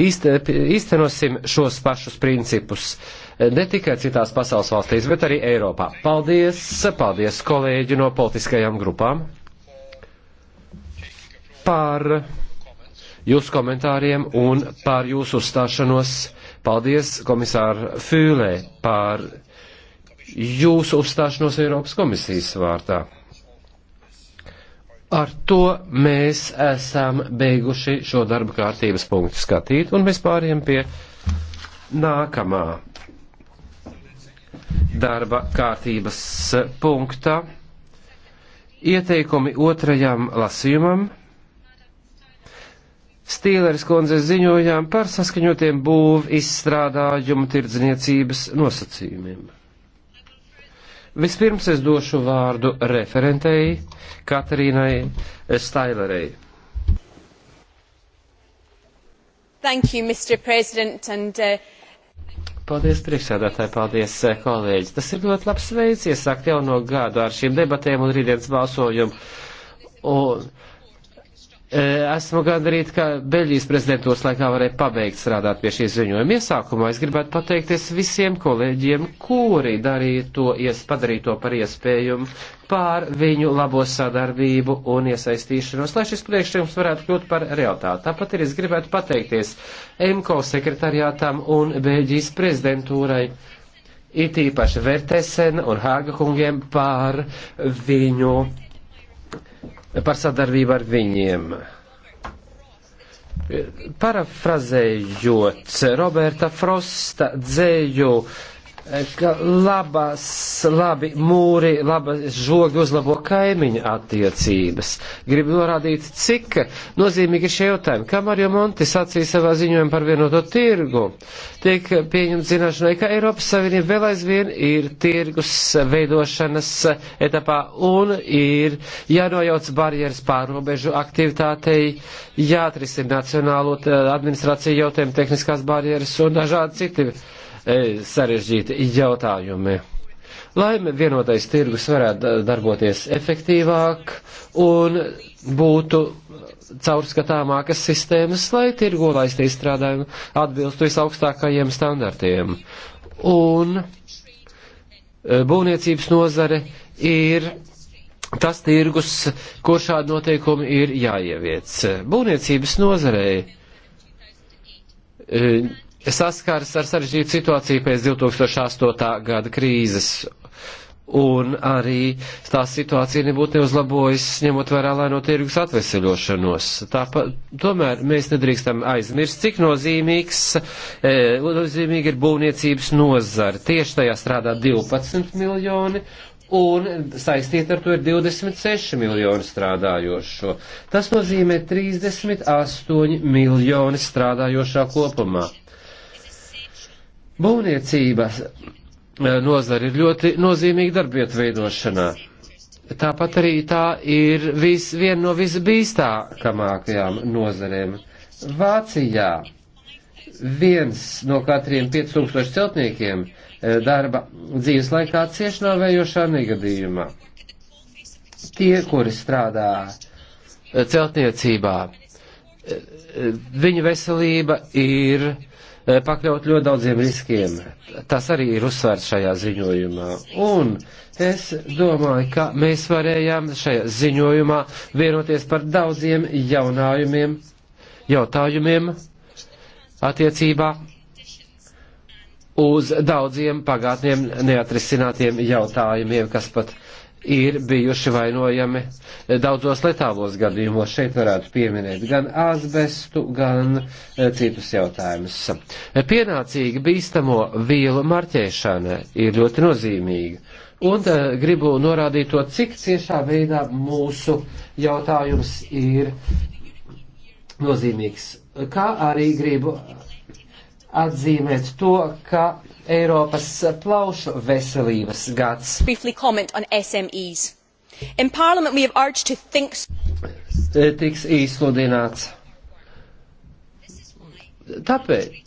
īstenosim šos pašus principus eh, ne tikai citās pasaules valstīs, bet arī Eiropā. Paldies, paldies kolēģi no politiskajām grupām par jūsu komentāriem un par jūsu uzstāšanos. Paldies, komisāra Fūlē, par jūsu uzstāšanos Eiropas komisijas vārtā. Ar to mēs esam beiguši šo darba kārtības punktu skatīt, un mēs pāriem pie nākamā darba kārtības punkta. Ieteikumi otrajam lasījumam. Stīleris kundze ziņojām par saskaņotiem būv izstrādājumu tirdzniecības nosacījumiem. Vispirms es došu vārdu referentei Katarīnai Stailerei. Thank you, Mr. President, and uh, Paldies, priekšsēdētāji, paldies, uh, kolēģi. Tas ir ļoti labs veids iesākt jauno gadu ar šīm debatēm un rītdienas balsojumu. Un, Esmu gandrīz, ka Beļģijas prezidentūras laikā varēja pabeigt strādāt pie šī ziņojuma. Iesākumā es gribētu pateikties visiem kolēģiem, kuri darīja to, padarīja to par iespējumu, pār viņu labo sadarbību un iesaistīšanos, lai šis priekšlikums varētu kļūt par realitāti. Tāpat arī es gribētu pateikties MKO sekretariātam un Beļģijas prezidentūrai it īpaši Vertesen un Hāga kungiem par viņu par sadarbību ar viņiem. Parafrazējot Roberta Frosta dzēju, uh, ka labas, labi mūri, labas žogi uzlabo kaimiņu attiecības. Gribu norādīt, cik nozīmīgi ir šie jautājumi. Kamēr jau Monti sacīja savā ziņojumā par vienoto tirgu, tiek pieņemt zināšanai, ka Eiropas Savienība vēl aizvien ir tirgus veidošanas etapā un ir jānojauc barjeras pārobežu aktivitātei, jāatrisina nacionālo eh, administrāciju jautājumu, tehniskās barjeras un dažādi citi E, sarežģīti jautājumi. Lai vienotais tirgus varētu darboties efektīvāk un būtu caurskatāmākas sistēmas, lai tirgo laistie izstrādājumi atbilstu visaugstākajiem standartiem. Un e, būvniecības nozare ir tas tirgus, kur šādi noteikumi ir jāieviec. Būvniecības nozarei e, saskars ar sarežģītu situāciju pēc 2008. gada krīzes. Un arī tā situācija nebūtu neuzlabojas, ņemot vērā lēno tirgus atveseļošanos. Tāpat, tomēr mēs nedrīkstam aizmirst, cik nozīmīgs, e, nozīmīgi ir būvniecības nozara. Tieši tajā strādā 12 miljoni, un saistīti ar to ir 26 miljoni strādājošo. Tas nozīmē 38 miljoni strādājošā kopumā. Būvniecība e, nozara ir ļoti nozīmīga darbvietu veidošanā. Tāpat arī tā ir vis, viena no visbīstākamākajām nozarēm. Vācijā viens no katriem 5000 celtniekiem e, darba dzīves laikā cieš novējošā negadījumā. Tie, kuri strādā e, celtniecībā, viņu veselība ir Eh, pakļaut ļoti daudziem riskiem. Tas arī ir uzsvērts šajā ziņojumā. Un es domāju, ka mēs varējām šajā ziņojumā vienoties par daudziem jaunājumiem, jautājumiem attiecībā uz daudziem pagātniem neatrisinātiem jautājumiem, kas pat ir bijuši vainojami daudzos letālos gadījumos. Šeit varētu pieminēt gan azbestu, gan eh, citus jautājumus. Pienācīga bīstamo vielu marķēšana ir ļoti nozīmīga. Un eh, gribu norādīt to, cik ciešā veidā mūsu jautājums ir nozīmīgs. Kā arī gribu atzīmēt to, ka Eiropas plaušu veselības gads. Think... E, tiks izsludināts. Tāpēc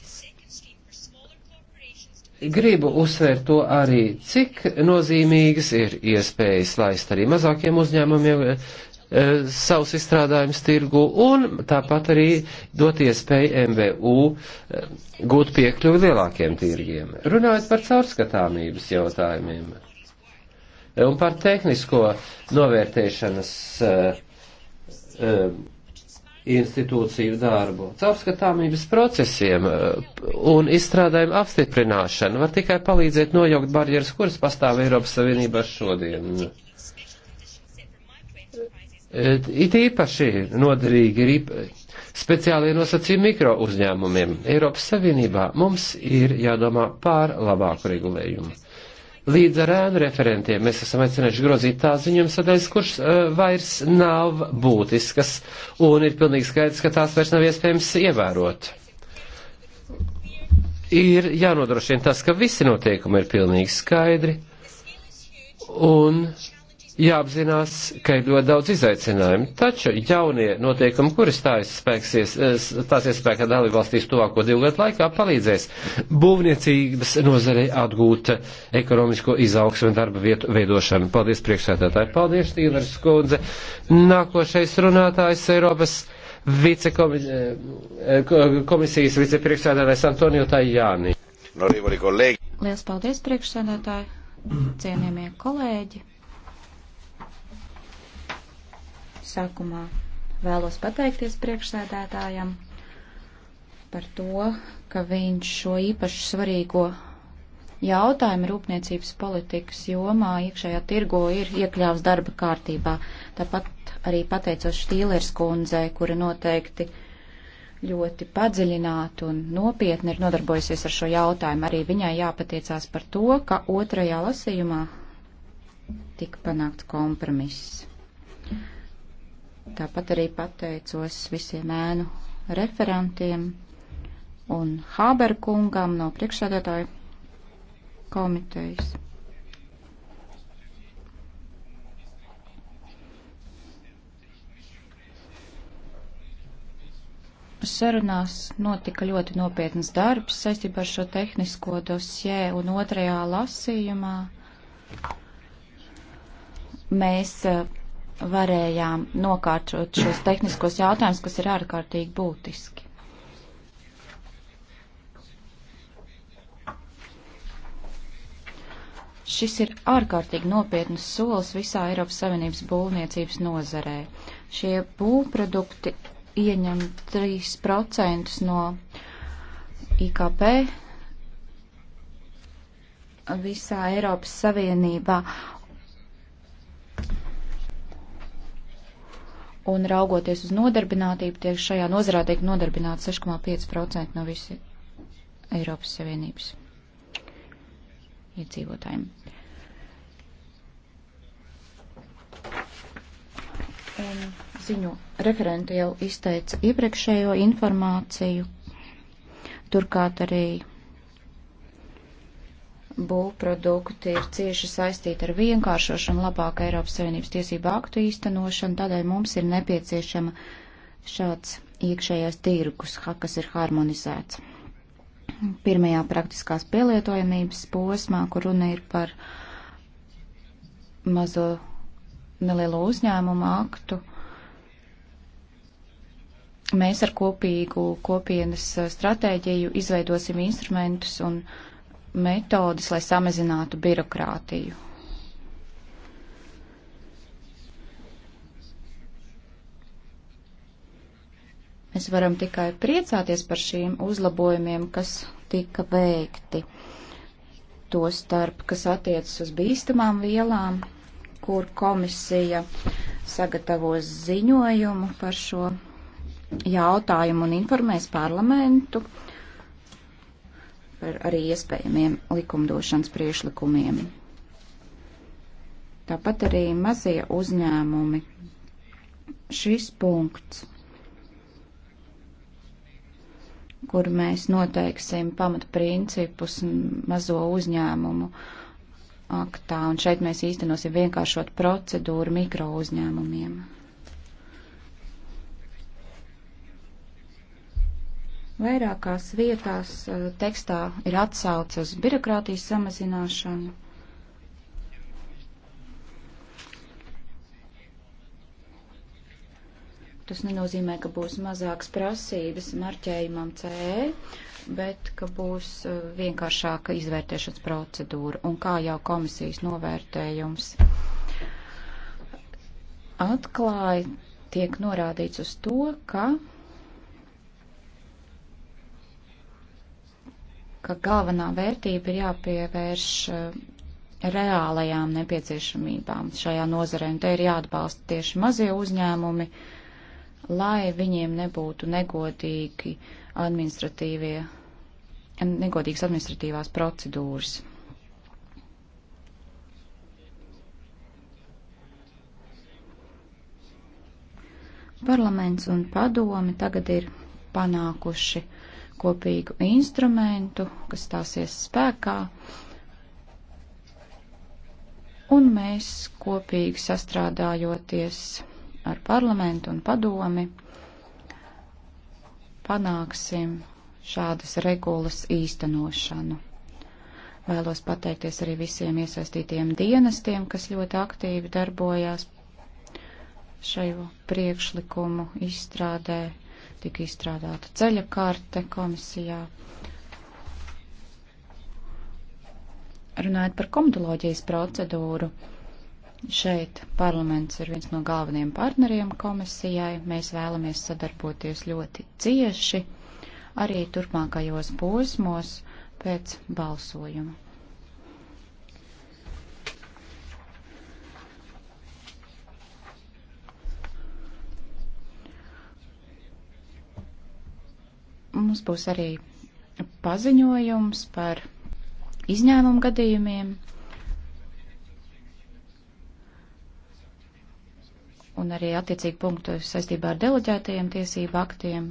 gribu uzsvērt to arī, cik nozīmīgas ir iespējas laist arī mazākiem uzņēmumiem E, savus izstrādājumus tirgu un tāpat arī dot iespēju MVU e, gūt piekļuvi lielākiem tirgiem. Runājot par caurskatāmības jautājumiem e, un par tehnisko novērtēšanas uh, uh, institūciju darbu. Caurskatāmības procesiem un izstrādājumu apstiprināšana var tikai palīdzēt nojaukt barjeras, kuras pastāv Eiropas Savienībā šodien. It īpaši noderīgi ir speciālie nosacījumi mikro uzņēmumiem. Eiropas Savienībā mums ir jādomā pār labāku regulējumu. Līdz ar ēnu referentiem mēs esam aicinājuši grozīt tā ziņojuma sadaļas, kurš uh, vairs nav būtiskas, un ir pilnīgi skaidrs, ka tās vairs nav iespējams ievērot. Ir jānodrošina tas, ka visi noteikumi ir pilnīgi skaidri, un uh, jāapzinās, ka ir ļoti daudz izaicinājumu. Taču jaunie noteikumi, kuri eh, stāsies spēkā dalībvalstīs tuvāko divu gadu laikā, palīdzēs būvniecības nozarei atgūt ekonomisko izaugsmu un darba vietu veidošanu. Paldies, priekšsēdētāji. Paldies, Tīvers Skundze. Nākošais runātājs Eiropas vicekomisijas eh, vicepriekšsēdētājs Antonio Tajāni. Liels paldies, priekšsēdētāji, cienījamie kolēģi. Sākumā vēlos pateikties priekšsēdētājam par to, ka viņš šo īpaši svarīgo jautājumu rūpniecības politikas jomā iekšējā tirgo ir iekļāvs darba kārtībā. Tāpat arī pateicos Štīlers kundzei, kura noteikti ļoti padziļināti un nopietni ir nodarbojusies ar šo jautājumu. Arī viņai jāpateicās par to, ka otrajā lasījumā tika panākts kompromiss. Tāpat arī pateicos visiem ēnu referentiem un Hāberkungam no priekšsēdētāju komitejas. sarunās notika ļoti nopietnas darbs saistībā ar šo tehnisko dosjē un otrajā lasījumā. Mēs eh, varējām nokārtot šos tehniskos jautājumus, kas ir ārkārtīgi būtiski. Šis ir ārkārtīgi nopietnas solis visā Eiropas Savienības būvniecības nozarē. Šie būvprodukti ieņem 3% no IKP visā Eiropas Savienībā, un raugoties uz nodarbinātību, tiek šajā nozarā tiek nodarbināta 6,5% no visi Eiropas Savienības iedzīvotājiem. Un ziņu referenti jau izteica iepriekšējo informāciju, turklāt arī būvprodukti ir cieši saistīti ar vienkāršošanu, labāku Eiropas Savienības tiesību aktu īstenošanu, tādēļ mums ir nepieciešama šāds iekšējais tirgus, kas ir harmonizēts. Pirmajā praktiskās pielietojamības posmā, kur runa ir par mazo nelielo uzņēmumu aktu, mēs ar kopīgu kopienas eh, stratēģiju izveidosim instrumentus un uh, metodas, lai samazinātu birokrātiju. Mēs varam tikai priecāties par šīm uzlabojumiem, kas tika veikti. To starp, kas attiecas uz bīstamām vielām, kur komisija sagatavos ziņojumu par šo jautājumu un informēs parlamentu par arī iespējamiem likumdošanas priešlikumiem. Tāpat arī mazie uzņēmumi. Šis punkts, kur mēs noteiksim pamatprincipus mazo uzņēmumu aktā, un šeit mēs īstenosim vienkāršot procedūru mikro uzņēmumiem. Vairākās vietās eh, tekstā ir atsauce uz birokrātijas samazināšanu. Tas nenozīmē, ka būs mazāks prasības marķējumam CE, bet ka būs eh, vienkāršāka izvērtēšanas procedūra un kā jau komisijas novērtējums atklāja, tiek norādīts uz to, ka ka galvenā vērtība ir jāpievērš eh, reālajām nepieciešamībām šajā nozarē, un te ir jāatbalsta tieši mazie uzņēmumi, lai viņiem nebūtu negodīgi administratīvie, negodīgas administratīvās procedūras. Parlaments un padomi tagad ir panākuši uh, kopīgu instrumentu, kas stāsies spēkā, un mēs kopīgi sastrādājoties ar parlamentu un padomi panāksim šādas regulas īstenošanu. Vēlos pateikties arī visiem iesaistītiem dienestiem, kas ļoti aktīvi darbojās šajo priekšlikumu izstrādē tika izstrādāta ceļa karte komisijā. Runājot par komitoloģijas procedūru, šeit parlaments ir viens no galvenajiem partneriem komisijai. Mēs vēlamies sadarboties ļoti cieši arī turpmākajos posmos pēc balsojuma. Mums būs arī paziņojums par izņēmumu gadījumiem. Un arī attiecīgi punktu saistībā ar deleģētajiem tiesību aktiem.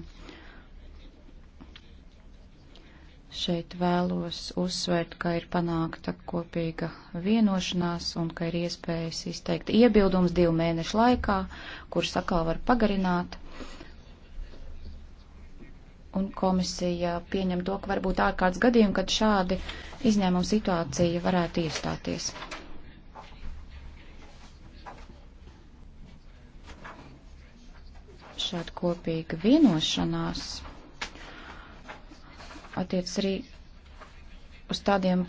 Šeit vēlos uzsvērt, ka ir panākta kopīga vienošanās un ka ir iespējas izteikt iebildums divu mēnešu laikā, kurus atkal var pagarināt. Uh, un komisija pieņem to, ka varbūt ārkārtas gadījumi, kad šādi izņēmuma situācija varētu iestāties. Šāda kopīga vienošanās attiec arī uz tādiem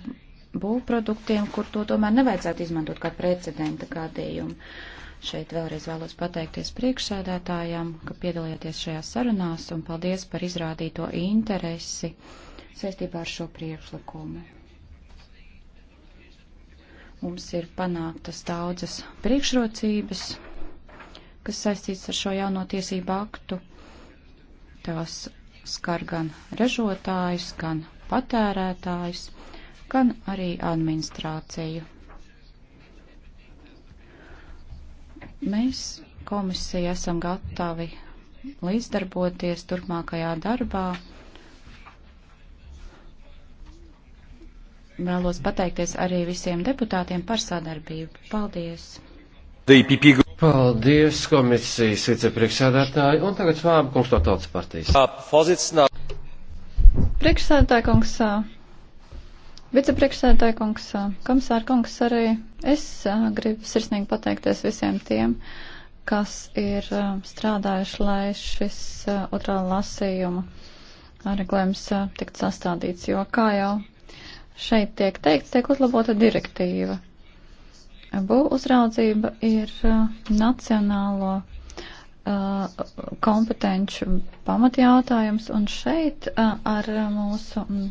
būvproduktiem, kur to tomēr nevajadzētu izmantot kā precedenta gadījumu. Uh, Šeit vēlreiz vēlos pateikties priekšsēdētājām, ka piedalījāties šajās sarunās un paldies par izrādīto interesi saistībā ar šo priekšlikumu. Mums ir panāktas daudzas priekšrocības, kas saistīts ar šo jauno tiesību aktu. Tās skar gan ražotājus, gan patērētājus, gan arī administrāciju. Mēs komisija esam gatavi līdzdarboties turpmākajā darbā. Vēlos pateikties arī visiem deputātiem par sadarbību. Paldies! Paldies komisijas vicepriekšsēdētāji un tagad Svāba kungs no Tautas partijas. Priekšsēdētāji kungs, Vicepriekšsēdētāja kungs, komisāra kungs, arī es gribu sirsnīgi pateikties visiem tiem, kas ir strādājuši, lai šis otrā lasījuma regulējums tiktu sastādīts, jo kā jau šeit tiek teikts, tiek uzlabota direktīva. Būvu uzraudzība ir nacionālo Uh, kompetenču pamatjautājums, un šeit uh, ar mūsu mm,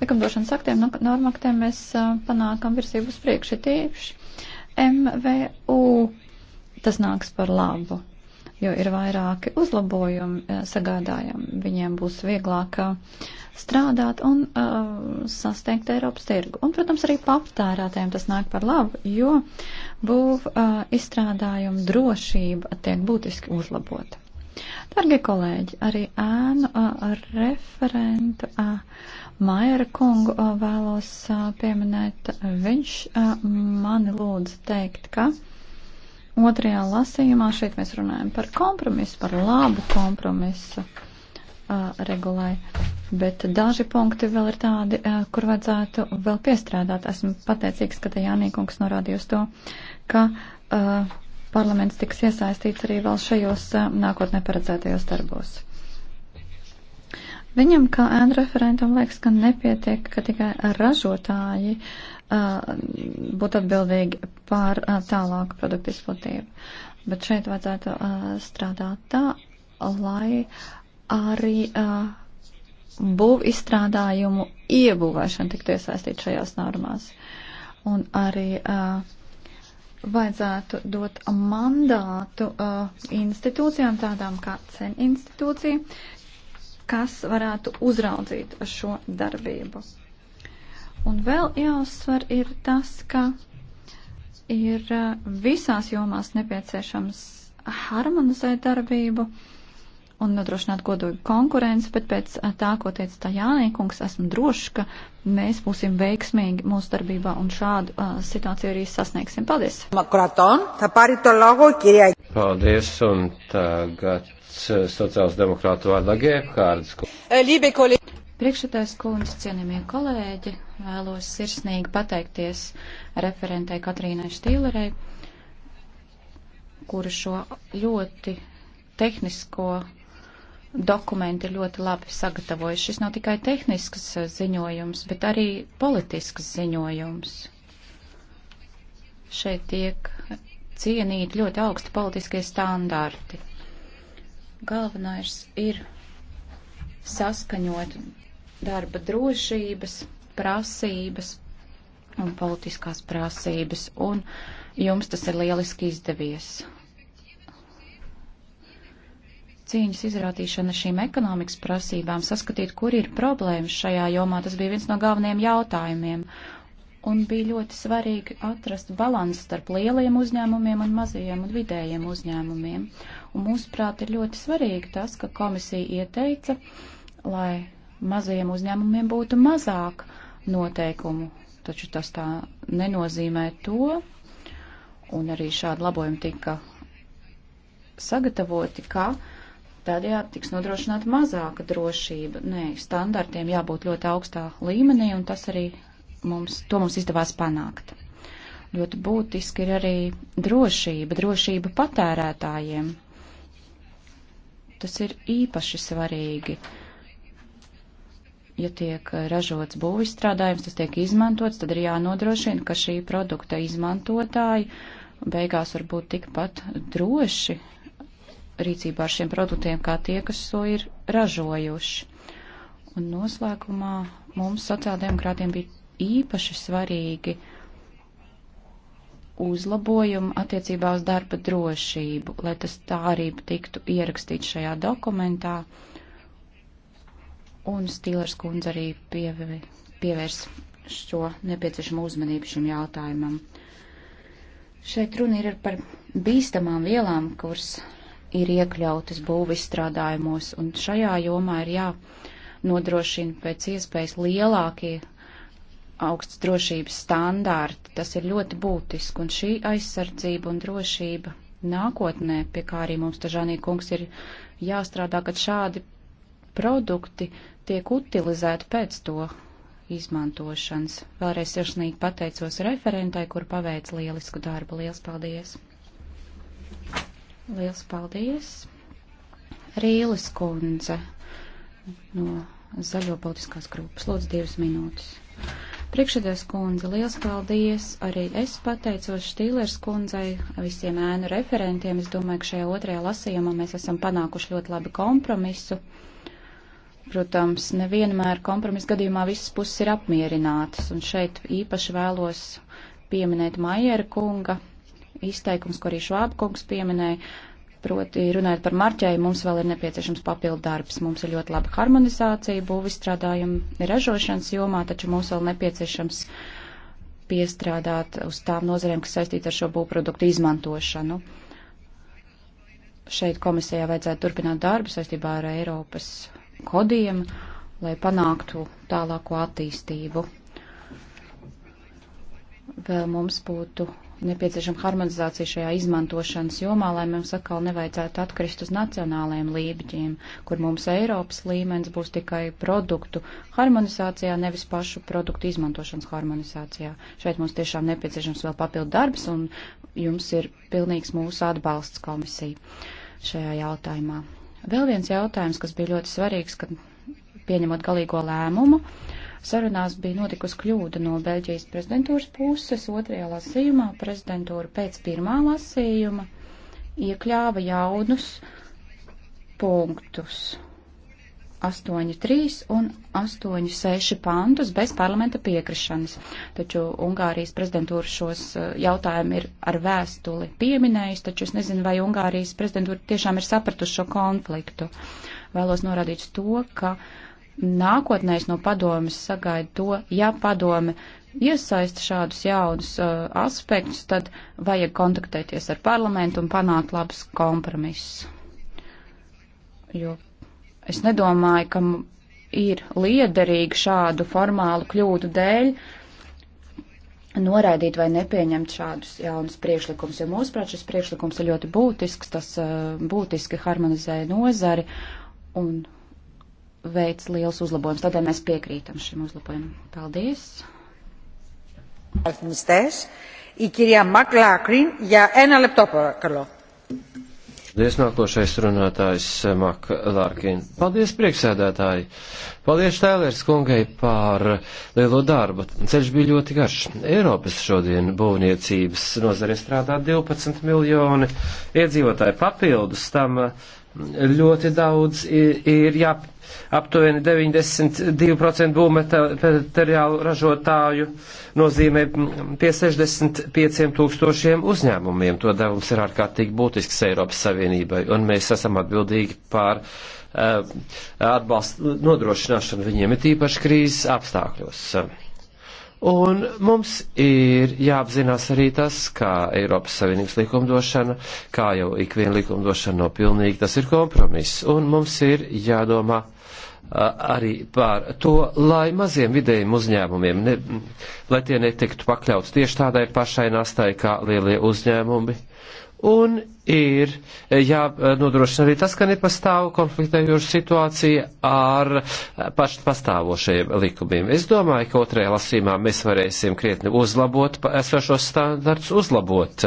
likumdošanas aktiem, normaktiem mēs uh, panākam virsību uz priekšu, tīpaši MVU tas nāks par labu jo ir vairāki uzlabojumi eh, sagādājami. Viņiem būs vieglāk eh, strādāt un uh, sasniegt Eiropas tirgu. Un, protams, arī patērētājiem tas nāk par labu, jo būv uh, izstrādājuma drošība tiek būtiski uzlabota. Dargie kolēģi, arī ēnu uh, referentu uh, Maira kungu uh, vēlos uh, pieminēt. Viņš uh, mani lūdza teikt, ka uh, Otrajā lasījumā šeit mēs runājam par kompromisu, par labu kompromisu uh, regulai, bet daži punkti vēl ir tādi, uh, kur vajadzētu vēl piestrādāt. Esmu pateicīgs, ka te Jānīkungs norādīja uz to, ka uh, parlaments tiks iesaistīts arī vēl šajos uh, nākotnē paredzētajos darbos. Viņam, kā ēnu referentam, liekas, ka nepietiek, ka tikai ražotāji uh, būt atbildīgi par tālāku produktu izplatību. Bet šeit vajadzētu strādāt tā, lai arī būv izstrādājumu iebūvēšana tiktu iesaistīt šajās normās. Un arī uh, vajadzētu dot mandātu uh, institūcijām, tādām kā CEN institūcija, kas varētu uzraudzīt šo darbību. Un vēl jāuzsver ir tas, ka ir uh, visās jomās nepieciešams harmonizēt darbību un nodrošināt godīgu konkurenci, bet pēc uh, tā, ko teica tā Jānīkungs, esmu drošs, ka mēs būsim veiksmīgi mūsu darbībā un šādu uh, situāciju arī sasniegsim. Paldies! Paldies, un tagad uh, sociāls demokrātu vārdā Gēbhārds. Priekšsēdētājs kundze, cienījamie kolēģi, vēlos sirsnīgi pateikties referentei Katrīnai Štīlerei, kura šo ļoti tehnisko dokumenti ir ļoti labi sagatavojuši. Šis nav tikai tehnisks ziņojums, bet arī politisks ziņojums. Šeit tiek cienīti ļoti augsti politiskie standarti. Galvenais ir saskaņot darba drošības prasības un politiskās prasības, un jums tas ir lieliski izdevies. Cīņas izrādīšana šīm ekonomikas prasībām, saskatīt, kur ir problēmas šajā jomā, tas bija viens no galvenajiem jautājumiem, un bija ļoti svarīgi atrast balansu starp lieliem uzņēmumiem un mazajiem un vidējiem uzņēmumiem. Un mūsuprāt ir ļoti svarīgi tas, ka komisija ieteica, lai mazajiem uzņēmumiem būtu mazāk noteikumu, taču tas tā nenozīmē to, un arī šādi labojumi tika sagatavoti, ka tādējādi tiks nodrošināta mazāka drošība. Nē, standartiem jābūt ļoti augstā līmenī, un tas arī mums, to mums izdevās panākt. Ļoti būtiski ir arī drošība, drošība patērētājiem. Tas ir īpaši svarīgi. Uh, ja tiek eh, ražots būvizstrādājums, tas tiek izmantots, tad ir jānodrošina, ka šī produkta izmantotāji beigās var būt tikpat droši rīcībā ar šiem produktiem, kā tie, kas to ir ražojuši. Un noslēgumā mums sociāldemokrātiem bija īpaši svarīgi uzlabojumu attiecībā uz darba drošību, lai tas tā arī tiktu ierakstīts šajā dokumentā un Stīlers kundze arī pievi, pievērs šo nepieciešamo uzmanību šim jautājumam. Šeit runa ir par bīstamām vielām, kuras ir iekļautas būvistrādājumos, un šajā jomā ir jānodrošina pēc iespējas lielākie augsts drošības standārti. Tas ir ļoti būtiski, un šī aizsardzība un drošība nākotnē, pie kā arī mums tažānī kungs ir jāstrādā, kad šādi produkti tiek utilizēti pēc to izmantošanas. Vēlreiz sirsnīgi pateicos referentai, kur paveic lielisku darbu. Liels paldies! Liels paldies! Rīles kundze no Zaļo politiskās grupas. Lūdzu, divas minūtes. Priekšēdās kundze, liels paldies! Arī es pateicos Štīlers kundzei, visiem ēnu referentiem. Es domāju, ka šajā otrajā lasījumā mēs esam panākuši ļoti labi kompromisu. Protams, nevienmēr kompromisa gadījumā visas puses ir apmierinātas, un šeit īpaši vēlos pieminēt Maiera kunga izteikums, ko arī Švāba kungs pieminēja, proti runājot par marķēju, mums vēl ir nepieciešams papildu darbs. Mums ir ļoti laba harmonizācija būvistrādājuma ražošanas jomā, taču mums vēl nepieciešams piestrādāt uz tām nozarēm, kas saistīta ar šo būvproduktu izmantošanu. Šeit komisijā vajadzētu turpināt darbu saistībā ar Eiropas kodiem, lai panāktu tālāko attīstību. Vēl mums būtu nepieciešama harmonizācija šajā izmantošanas jomā, lai mums atkal nevajadzētu atkrist uz nacionālajiem līmeņiem, kur mums Eiropas līmenis būs tikai produktu harmonizācijā, nevis pašu produktu izmantošanas harmonizācijā. Šeit mums tiešām nepieciešams vēl papildu darbs, un jums ir pilnīgs mūsu atbalsts komisija šajā jautājumā. Vēl viens jautājums, kas bija ļoti svarīgs, kad pieņemot galīgo lēmumu, sarunās bija notikusi kļūda no Beļģijas prezidentūras puses. Otrajā lasījumā prezidentūra pēc pirmā lasījuma iekļāva jaunus punktus 8.3 un 8.6 pantus bez parlamenta piekrišanas. Taču Ungārijas prezidentūra šos eh, jautājumus ir ar vēstuli pieminējusi, taču es nezinu, vai Ungārijas prezidentūra tiešām ir sapratusi šo konfliktu. Vēlos norādīt to, ka nākotnē es no padomes sagaidu to, ja padome iesaista šādus jaunus uh, aspektus, tad vajag kontaktēties ar parlamentu un panākt labus kompromisus. Jo Es nedomāju, ka ir liederīgi šādu formālu kļūdu dēļ noraidīt vai nepieņemt šādus jaunus priekšlikumus, jo mūsuprāt šis priekšlikums ir ļoti būtisks, tas uh, būtiski harmonizē nozari un veids liels uzlabojums. Tādēļ mēs piekrītam šim uzlabojumam. Paldies! Αριθμιστές. Η κυρία Μακλάκριν για ένα λεπτό παρακαλώ. Paldies, nākošais runātājs Mak Lārkin. Paldies, priekšsēdētāji. Paldies Tēlērs kungai par lielo darbu. Ceļš bija ļoti garš. Eiropas šodien būvniecības nozarē strādā 12 miljoni iedzīvotāji papildus tam. Uh, ļoti daudz ir, ir jā, aptuveni 92% būvmateriālu ražotāju nozīmē pie 65 tūkstošiem uzņēmumiem. To devums ir ārkārtīgi būtisks Eiropas Savienībai, un mēs esam atbildīgi pār uh, atbalstu nodrošināšanu viņiem, it īpaši krīzes apstākļos. Uh, Un mums ir jāapzinās arī tas, kā Eiropas Savienības likumdošana, kā jau ikviena likumdošana nav no pilnīga, tas ir kompromiss. Un mums ir jādomā arī par to, lai maziem vidējiem uzņēmumiem, ne, lai tie netiktu pakļauts tieši tādai pašai nastai kā lielie uzņēmumi. Un ir e, jānodrošina e, arī tas, ka nepastāv konfliktējoša situācija ar e, pašu pastāvošajiem likumiem. Es domāju, ka otrajā lasīmā mēs varēsim krietni uzlabot esošos standarts, uzlabot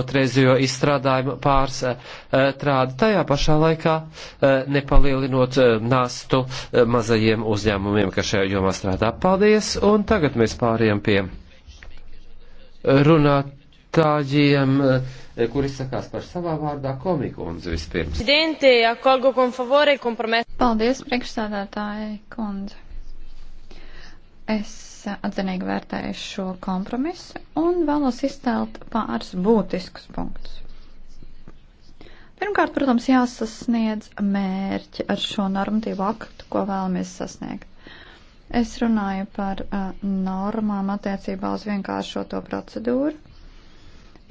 otrreizējo izstrādājumu pārstrādi, tajā pašā laikā nepalielinot nastu mazajiem uzņēmumiem, kas šajā jomā strādā. Paldies! Un tagad mēs pāriem pie runāt runātājiem, eh, kuri sakās par savā vārdā komikundze vispirms. E Paldies, priekšsādātāji kundze. Es atzinīgi vērtēju šo kompromisu un vēlos izcelt pāris būtiskus punktus. Pirmkārt, protams, jāsasniedz mērķi ar šo normatīvu aktu, ko vēlamies sasniegt. Es runāju par uh, normām attiecībā uz vienkāršoto procedūru,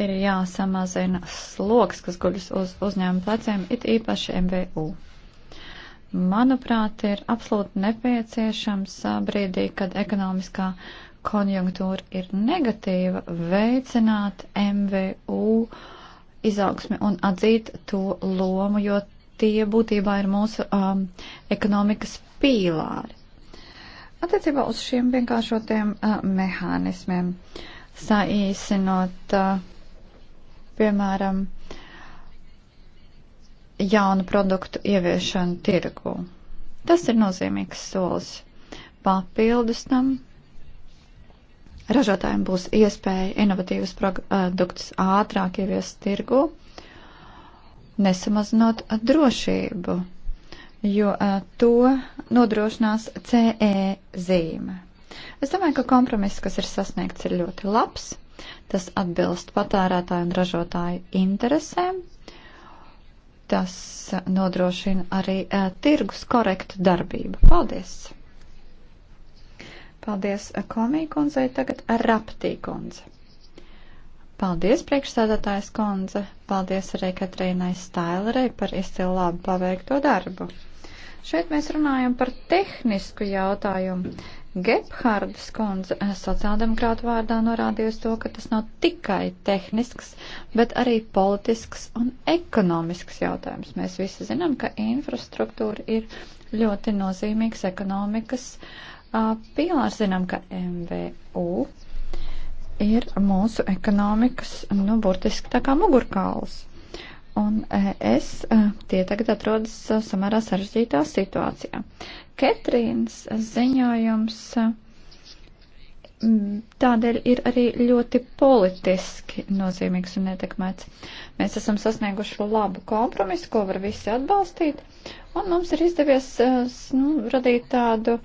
ir jāsamazina sloks, kas guļas uz uzņēmumu pleciem, it īpaši MVU. Manuprāt, ir absolūti nepieciešams brīdī, kad ekonomiskā konjunktūra ir negatīva, veicināt MVU izaugsmi un atzīt to lomu, jo tie būtībā ir mūsu um, ekonomikas pīlāri. Attiecībā uz šiem vienkāršotiem uh, mehānismiem, saīsinot uh, piemēram, jaunu produktu ieviešanu tirgū. Tas ir nozīmīgs solis. Papildus tam ražotājiem būs iespēja inovatīvas produktus ātrāk ieviest tirgū, nesamazinot drošību, jo to nodrošinās CE zīme. Es domāju, ka kompromiss, kas ir sasniegts, ir ļoti labs. Tas atbilst patērētāju un ražotāju interesēm. Tas eh, nodrošina arī uh, tirgus korektu darbību. Paldies! Paldies eh, Komī kundzei, tagad Raptī kundze. Paldies priekšstādātājs kundze, paldies arī Katrīnai Stailerei par izcilu labu paveikto darbu. Šeit mēs runājam par tehnisku jautājumu. Gebhardas kundze eh, sociāldemokrāta vārdā norādījusi to, ka tas nav tikai tehnisks, bet arī politisks un ekonomisks jautājums. Mēs visi zinām, ka infrastruktūra ir ļoti nozīmīgs ekonomikas uh, pīlārs. Zinām, ka MVU ir mūsu ekonomikas, nu, burtiski tā kā mugurkauls un eh, es eh, tie tagad atrodas eh, samērā sarežģītā situācijā. Ketrīnas ziņojums tādēļ ir arī ļoti politiski nozīmīgs un ietekmēts. Mēs esam sasnieguši labu kompromisu, ko var visi atbalstīt, un mums ir izdevies nu, radīt tādu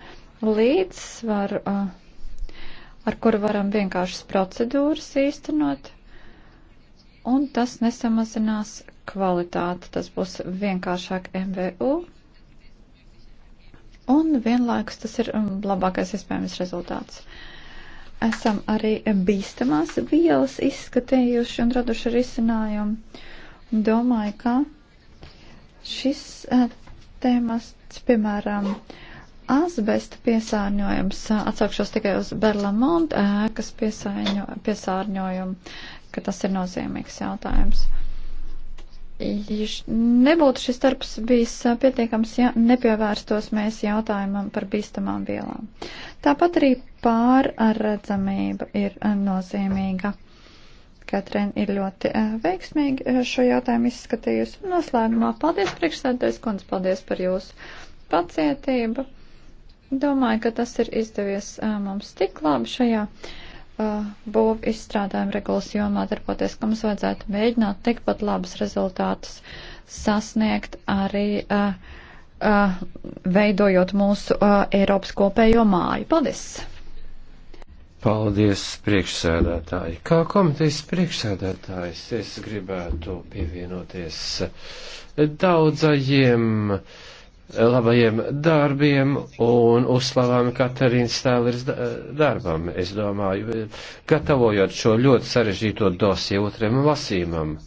līdzsvaru, ar kuru varam vienkāršas procedūras īstenot un tas nesamazinās kvalitāti. Tas būs vienkāršāk MVU. Un vienlaikus tas ir um, labākais iespējamais rezultāts. Esam arī bīstamās vielas izskatījuši un raduši risinājumu. Domāju, ka šis uh, tēmas, piemēram, azbesta piesārņojums, uh, atsaukšos tikai uz Berlamonta ēkas uh, piesārņojumu, ka tas ir nozīmīgs jautājums. Nebūtu šis darbs bijis pietiekams, ja nepievērstos mēs jautājumam par bīstamām vielām. Tāpat arī pārredzamība ir nozīmīga. Katrēna ir ļoti veiksmīgi šo jautājumu izskatījusi. Noslēgumā paldies priekšsēdētājs kundze, paldies par jūsu pacietību. Domāju, ka tas ir izdevies mums tik labi šajā Uh, būvu izstrādājumu regulas jomā darboties, ka mums vajadzētu mēģināt tikpat labus rezultātus sasniegt arī uh, uh, veidojot mūsu uh, Eiropas kopējo māju. Paldies! Paldies, priekšsēdētāji. Kā komitejas priekšsēdētājs, es gribētu pievienoties daudzajiem uh, labajiem darbiem un uzslavām Katarīnas Stēleris darbam, es domāju, gatavojot šo ļoti sarežģīto dosie otram lasījumam.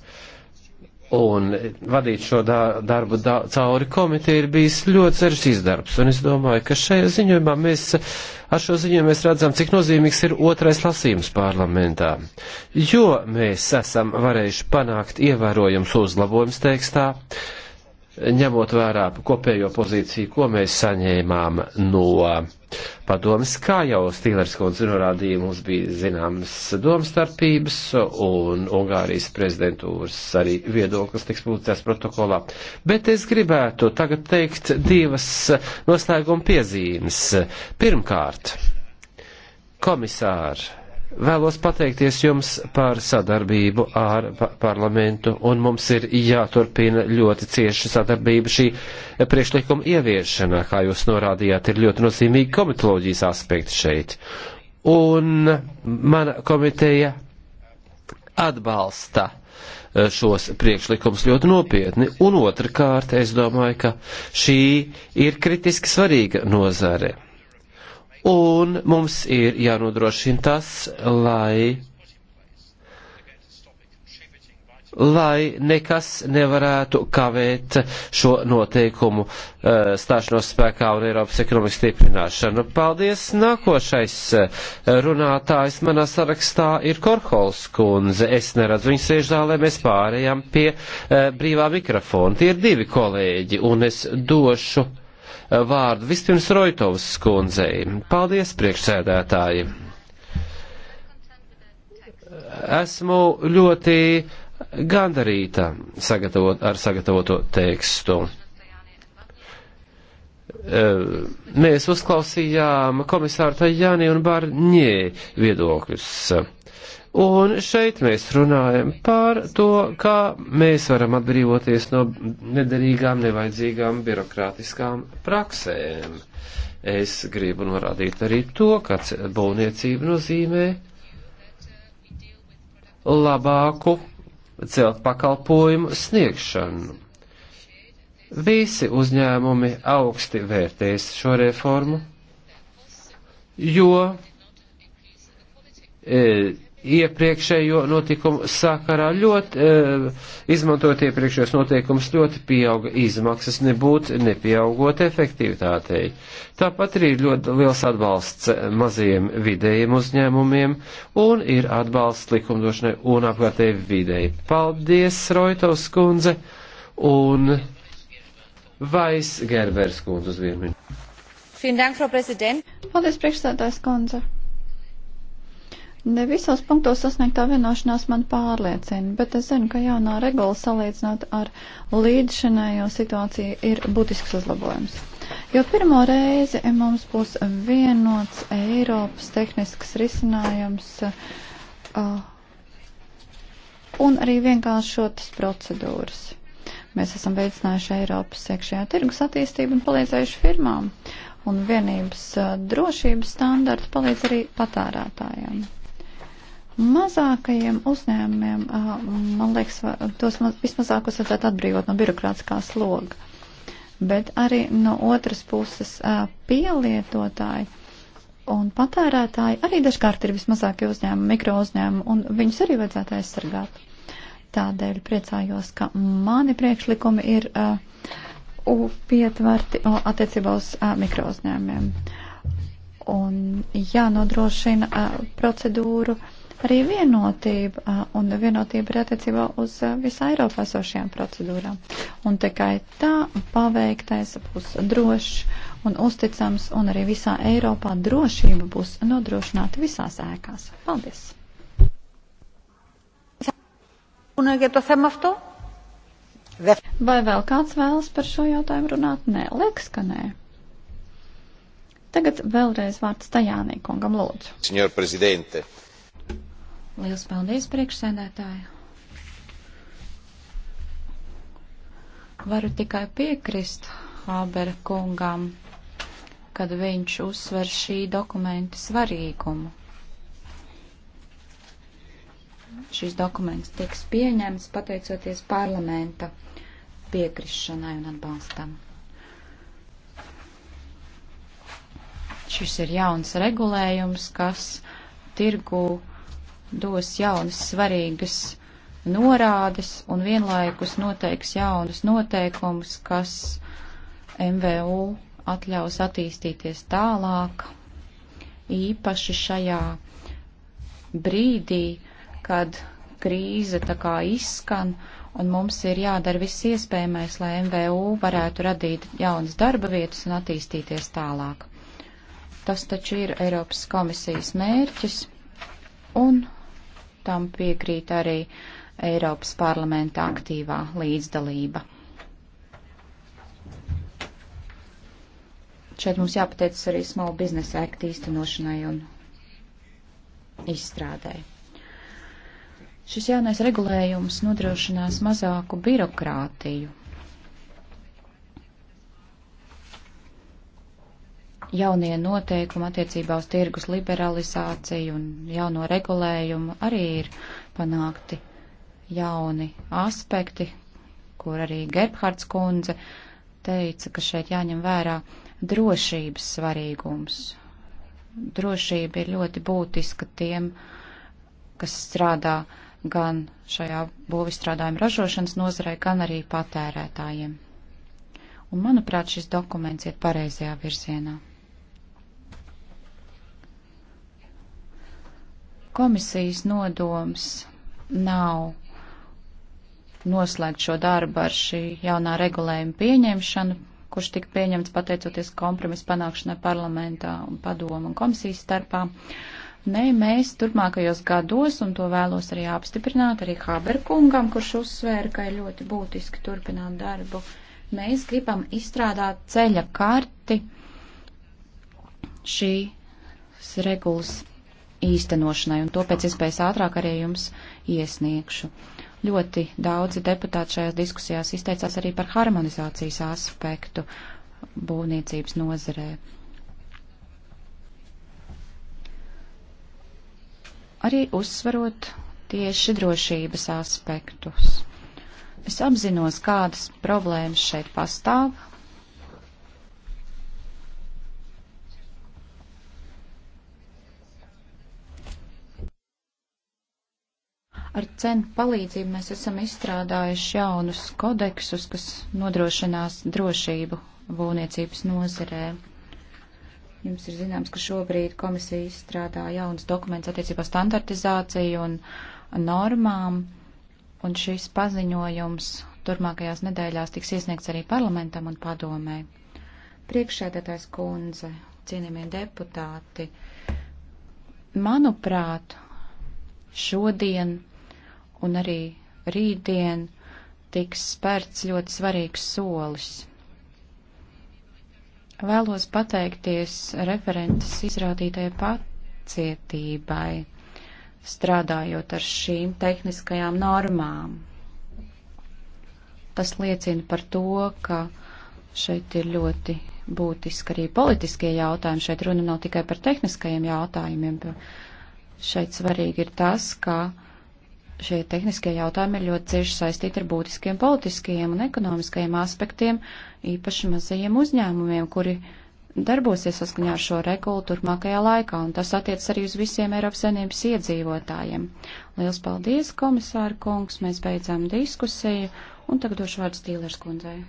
Un vadīt šo darbu cauri komiteju ir bijis ļoti sarežģīts darbs, un es domāju, ka šajā ziņojumā mēs, ar šo ziņojumu mēs redzam, cik nozīmīgs ir otrais lasījums parlamentā, jo mēs esam varējuši panākt ievērojums uzlabojums tekstā, uh, ņemot vērā kopējo pozīciju, ko mēs saņēmām no padomas, kā jau Stīlers kundze norādīja, mums bija zināmas domstarpības un Ungārijas prezidentūras arī viedoklis tiks publicēts protokolā. Bet es gribētu tagad teikt divas noslēguma piezīmes. Pirmkārt, komisāri Vēlos pateikties jums par sadarbību ar parlamentu, un mums ir jāturpina ļoti cieša sadarbība šī priekšlikuma ieviešanā, kā jūs norādījāt, ir ļoti nozīmīgi komitoloģijas aspekti šeit. Un mana komiteja atbalsta e, šos priekšlikums ļoti nopietni, un otrkārt, es domāju, ka šī ir kritiski svarīga nozare Un mums ir jānodrošina tas, lai, lai nekas nevarētu kavēt šo noteikumu uh, stāšanos spēkā un Eiropas ekonomikas stiprināšanu. Paldies! Nākošais eh, runātājs manā sarakstā ir Korhols kundze. Es neredzu viņu sēž zālē, mēs pārējām pie uh, brīvā mikrofona. Tie ir divi kolēģi, un es došu Eh, vārdu vispirms Roitovas skundzei. Paldies, priekšsēdētāji! Esmu ļoti gandarīta sagatavot, ar sagatavoto tekstu. Eh, mēs uzklausījām komisāru Tajāni un Barņē viedokļus Un šeit mēs runājam par to, kā mēs varam atbrīvoties no nederīgām, nevajadzīgām birokrātiskām praksēm. Es gribu norādīt arī to, ka būvniecība nozīmē labāku celt pakalpojumu sniegšanu. Visi uzņēmumi augsti vērtēs šo reformu, jo e, iepriekšējo notikumu sakarā ļoti, e, izmantojot iepriekšējos noteikumus, ļoti pieauga izmaksas, nebūt nepieaugot efektivitātei. Tāpat arī ir ļoti liels atbalsts maziem vidējiem uzņēmumiem un ir atbalsts likumdošanai un apkārtēji videi. Paldies, Roitovs kundze un Vais Gerbers kundze uz vienu minūti. Paldies, priekšstādājs kundze. Ne visos punktos sasniegtā vienošanās man pārliecina, bet es zinu, ka jaunā regula salīdzinot ar līdzšanējo situāciju ir būtisks uzlabojums. Jo pirmo reizi mums būs vienots Eiropas tehnisks risinājums uh, un arī vienkāršotas procedūras. Mēs esam veicinājuši Eiropas iekšējā tirgus attīstību un palīdzējuši firmām, un vienības uh, drošības standarts palīdz arī patērētājiem Mazākajiem uzņēmumiem, man liekas, tos vismazākos vajadzētu atbrīvot no birokrātiskā sloga. Bet arī no otras puses pielietotāji un patērētāji arī dažkārt ir vismazākie uzņēmumi, mikro uzņēmumi, un viņus arī vajadzētu aizsargāt. Tādēļ priecājos, ka mani priekšlikumi ir uh, pietverti attiecībā uz uh, mikro uzņēmumiem. Un jānodrošina uh, procedūru uh, arī vienotība, un vienotība ir attiecībā uz visā Eiropā sošajām procedūrām. Un tikai tā paveiktais būs drošs un uzticams, un arī visā Eiropā drošība būs nodrošināta visās ēkās. Paldies! Vai vēl kāds vēlas par šo jautājumu runāt? Nē, liekas, ka nē. Tagad vēlreiz vārds Tajānī kungam lūdzu. Signor Presidente, uh, Liels paldies, priekšsēdētāji! Varu tikai piekrist Hābera kungam, kad viņš uzsver šī dokumenta svarīgumu. Šis dokuments tiks pieņemts pateicoties parlamenta piekrišanai un atbalstam. Šis ir jauns regulējums, kas tirgu uh, dos jaunas svarīgas norādes un vienlaikus noteiks jaunus noteikumus, kas MVU atļaus attīstīties tālāk, īpaši šajā brīdī, kad krīze tā kā izskan, un mums ir jādara viss iespējamais, lai MVU varētu radīt jaunas darba vietas un attīstīties tālāk. Tas taču ir Eiropas komisijas mērķis, un tam piekrīt arī Eiropas parlamenta aktīvā līdzdalība. Šeit mums jāpateicas arī Small Business Act īstenošanai un izstrādai. Šis jaunais regulējums nodrošinās mazāku birokrātiju jaunie noteikumi attiecībā uz tirgus liberalizāciju un jauno regulējumu arī ir panākti jauni aspekti, kur arī Gebhards kundze teica, ka šeit jāņem vērā drošības svarīgums. Drošība ir ļoti būtiska tiem, kas strādā gan šajā būvistrādājuma ražošanas nozarē, gan arī patērētājiem. Un, manuprāt, šis dokuments iet pareizajā virzienā. Komisijas nodoms nav noslēgt šo darbu ar šī jaunā regulējuma pieņemšanu, kurš tika pieņemts pateicoties kompromisu panākšanai parlamentā un padomu un komisijas starpā. Nē, mēs turpmākajos gados, un to vēlos arī apstiprināt arī Haberkungam, kurš uzsvēra, ka ir ļoti būtiski turpināt darbu, mēs gribam izstrādāt ceļa karti šīs regulas īstenošanai, un to pēc iespējas ātrāk arī jums iesniegšu. Ļoti daudzi deputāti šajās diskusijās izteicās arī par harmonizācijas aspektu būvniecības nozarē. Arī uzsvarot tieši drošības aspektus. Es apzinos, kādas problēmas šeit pastāv, cenu palīdzību mēs esam izstrādājuši jaunus kodeksus, kas nodrošinās drošību būvniecības nozerē. Jums ir zināms, ka šobrīd komisija izstrādā jaunas dokumentus attiecībā standartizāciju un normām, un šis paziņojums turmākajās nedēļās tiks iesniegts arī parlamentam un padomē. Priekšsēdētājs kundze, cienījamie deputāti, manuprāt, šodien un arī rītdien tiks spērts ļoti svarīgs solis. Vēlos pateikties referentes izrādītajai pacietībai, strādājot ar šīm tehniskajām normām. Tas liecina par to, ka šeit ir ļoti būtiski arī politiskie jautājumi. Šeit runa nav tikai par tehniskajiem jautājumiem. Šeit svarīgi ir tas, ka uh, šie tehniskie jautājumi ir ļoti cieši saistīti ar būtiskiem politiskajiem un ekonomiskajiem aspektiem, īpaši mazajiem uzņēmumiem, kuri darbosies saskaņā ar šo regulu turpmākajā laikā, un tas attiec arī uz visiem Eiropas saimnības iedzīvotājiem. Liels paldies, komisāra kungs, mēs beidzām diskusiju, un tagad došu vārdu Stīlers kundzei.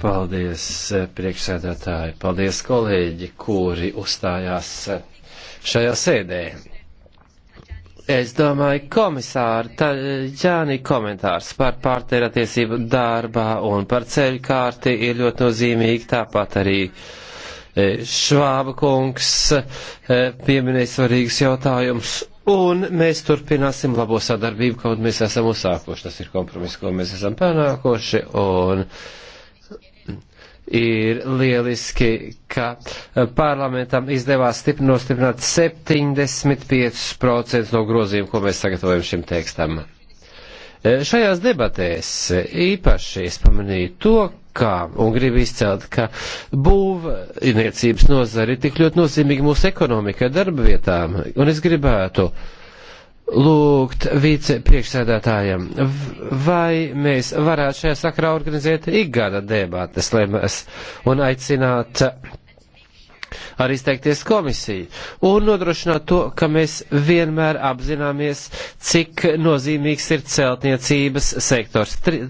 Paldies, eh, priekšsēdētāji, paldies kolēģi, kuri uzstājās eh, šajā sēdē. Es domāju, komisāri, tā Jāni komentārs par pārtēratiesību darbā un par ceļkārti ir ļoti nozīmīgi, tāpat arī e, Švāba kungs e, pieminēja svarīgus jautājumus, un mēs turpināsim labo sadarbību, kaut mēs esam uzsākuši, tas ir kompromiss, ko mēs esam panākuši, un. Uh, ir lieliski, ka eh, parlamentam izdevās nostiprināt 75% no grozījumu, ko mēs sagatavojam šim tekstam. Eh, šajās debatēs eh, īpaši es pamanīju to, kā, un gribu izcelt, ka būvniecības nozari tik ļoti nozīmīgi mūsu ekonomikai, darba vietām, un es gribētu uh, lūgt vicepriekšsēdētājiem, vai mēs varētu šajā sakrā organizēt ikgada debates, lai mēs un aicināt arī izteikties komisiju un nodrošināt to, ka mēs vienmēr apzināmies, cik nozīmīgs ir celtniecības sektors, Tri,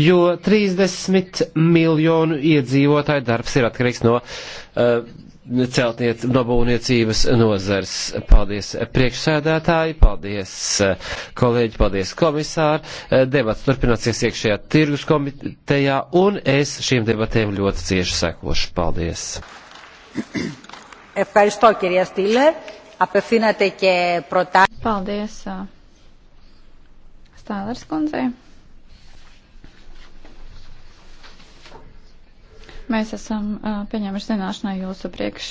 jo 30 miljonu iedzīvotāju darbs ir atkarīgs no uh, celtniec, nobūniecības nozars. Paldies priekšsēdētāji, paldies kolēģi, paldies komisāri. Debats turpināsies iekšējā tirgus komitejā un es šīm debatēm ļoti cieši sekošu. Paldies. Paldies. Stālers kundzei. Mēs esam pieņēmuši zināšanai jūsu priekš